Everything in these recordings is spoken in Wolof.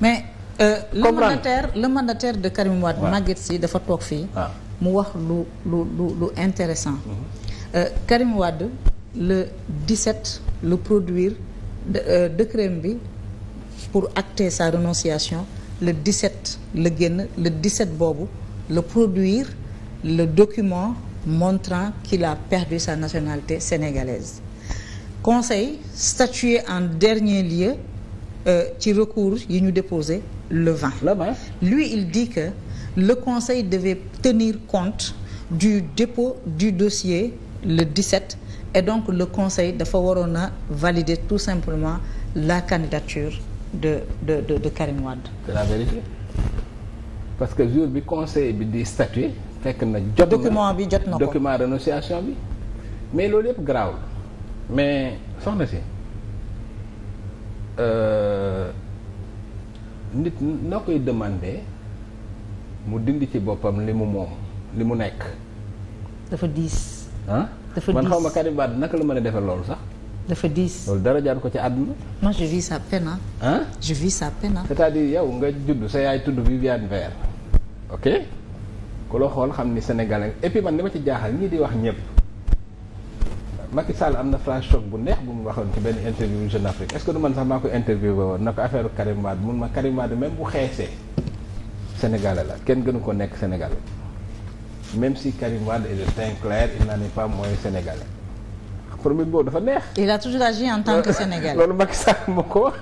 mais euh, le mandataire le mandataire de Karim Wade Maguette dafa toog fii ah. mu wax lu lu lu intéressant mhm. euh, Karim Wade le 17 le produire euh, décret bi pour acter sa renonciation le 17 le génn le 17 boobu le produire le document montrant qu'il a perdu sa nationalité sénégalaise conseil statué en dernier lieu Euh, ci recours yi ñu déposé le 20. le 20 lui il dit que le conseil devait tenir compte du dépôt du dossier le 17 et donc le conseil dafa waroon a valider tout simplement la candidature de de de de Karim parce que jour bi conseil bi di statuer fekk na jot document bi jot na ko document renonciation bi mais loolu yëpp garaawul mais soxna si. Euh, nit na koy demande mu dindi ci boppam li mu moom li mu nekk. dafa diis. ah dafa diis man xaw ma Karim Wade naka la mën a defee loolu sax. dafa diis loolu dara jaar ko ci àdduna. moi je vis sa peine ah. je vis sa peine ah. cest à yow nga judd sa yaay tudd Viviane Vert ok ku la xool xam ni sénégalais et puis man li ma ci jaaxal ñii di wax ñëpp. Macky Sall am na phrase choc bu neex bu mu waxoon ci benn interview Jeune Afrique est-ce que du man sax maa ko interview ba woon na ko affaire Karim Wade mun ma Karim Wade même bu xeesee Sénégalais la kenn gënu ko nekk Sénégalais même si Karim Wade est de teint clair il n'en est pas moins Sénégalais premier boobu dafa neex. il a toujours agi en tant que Sénégalais loolu Macky Sall moo ko wax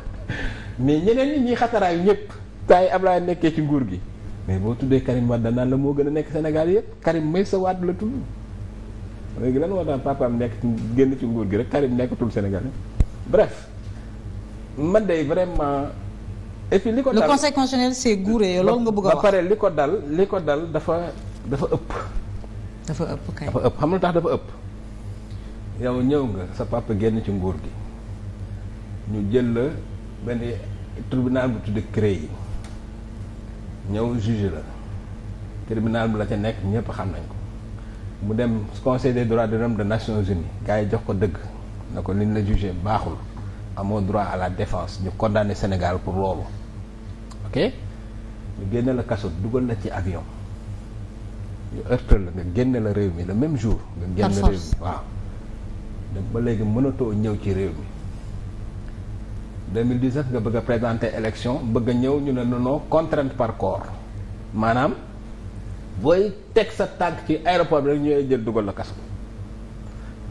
mais ñeneen ñi ñuy xataraayu ñëpp temps yi Ablaye nekkee ci nguur gi mais boo tuddee Karim Wade danaan la moo gën a nekk Sénégal yëpp Karim Meïssa Wade la léegi lan moo tax papaam nekk génn ci nguur gi rek Karim nekkatul Sénégal bref man de vraiment et puis li ko dal le conseil constitutionnel c'est gouré loolu nga bëgg a wax ba pare li ko dal li ko dal dafa dafa ëpp. dafa ëpp kay dafa ëpp xam nga tax dafa ëpp. yow ñëw nga sa papa génn ci nguur gi ñu jël la benn tribunal bu tudd CREI ñëw juge la tribunal bu la ca nekk ñëpp xam nañ ko. mu dem conseil de droits de l'homme des nations unies gars yi jox ko dëgg na ko liñ la jugé baaxul amoon droit à la défense ñu condamné Sénégal pour loolu ok ñu génne la kaso dugal la ci avion ñu heurtal la nga génne la réew mi la même jour nga génn réew mi waaw dem ba léegi mënatoo ñëw ci réew mi 2017 nga bëgg a présenter élection bëgg ñëw ñu ne nono contrainte par corps maanaam booy teg sa tànk ci aéroport bi rek ñu jël dugal la kaso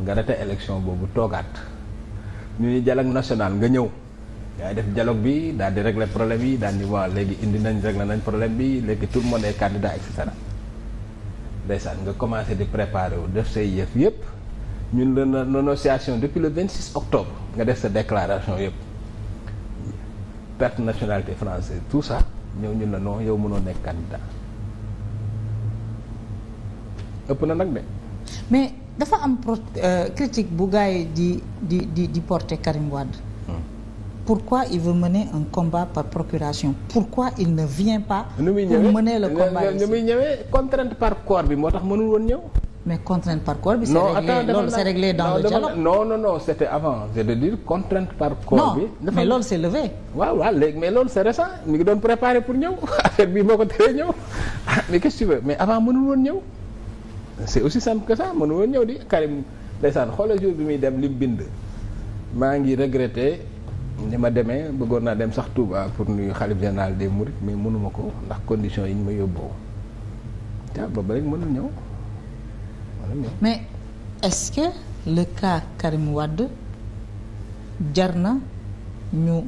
nga rete élection boobu toogaat ñu ni dialogue national nga ñëw yaay def dialogue bi daal di regle problème yi daal di waa léegi indi nañ régler nañ problème bi léegi tout le monde est candidat et cetera ndeysaan nga commencé di préparer wu def say yëf yëpp ñun la nonciation depuis le 26 octobre nga def sa déclaration yëpp perte nationalité français tout sax ñëw ñu la noo yow mënoo nekk candidat ëpp na nag de. mais dafa am pro euh, critique bu gars yi di di di di porter Karim Wade. Hmm. pourquoi il veut mener un combat par procuration pourquoi il ne vient pas. nu muy pour mener le combat contrainte par corps bi moo tax mënul woon ñëw. mais contrainte par corps bi. c'est réglé loolu c'est réglé dans le dialogue. non non non c'était avant c'est de contrainte par corps bi. moo ko teree ñëw ah, mais quest mais avant mënul woon ñëw. c'est aussi simple que ça mënu woon ñëw di Karim ndeysaan xoolal jour bi muy dem li mu bind maa ngi regretté ni ma demee bëggoon naa dem sax Touba pour nuyu xalif général des Mourides mais mënuma ko ndax conditions yi ñu ma yóbboo waaw boobu rek mënul ñëw ñëw. mais est-ce que Karim Wade jar na ñu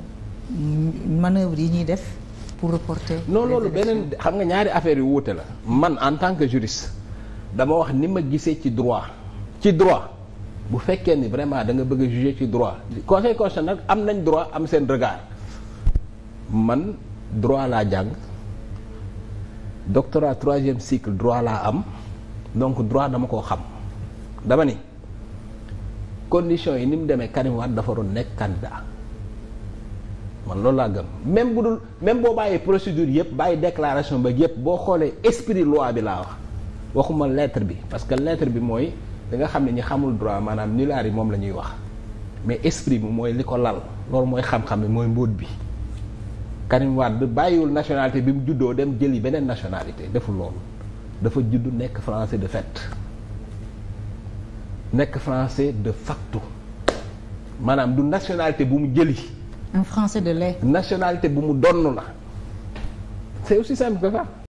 manœuvre yi ñuy def pour reporter. non loolu beneen xam nga ñaari affaires yu wuute la man en tant que juriste. dama wax ni ma gisee ci droit ci droit bu fekkee ni vraiment da nga bëgg a ci droit conseil constitutionnel nag am nañ droit am seen regard man droit laa jàng doctorat troisième cycle droit laa am donc droit dama koo xam dama ni conditions yi ni mu demee Karim Wade dafa doon nekk candidat man loolu laa gëm même bu dul même boo bàyyee procédure yëpp bàyyi déclaration ba yëpp boo xoolee esprit loi bi laa wax waxuma lettre bi parce que lettre bi mooy da nga xam ne ñi xamul droit maanaam nulaar yi moom la ñuy wax mais esprit bi mooy li ko lal loolu mooy xam-xam bi mooy mbóot bi Karim bàyyiwul nationalité bi mu juddoo dem jëli beneen nationalité deful loolu dafa juddu nekk français de fait nekk français de facto maanaam du nationalité bu mu jëli. un français de lait. nationalité bu mu donn la c'est aussi simple que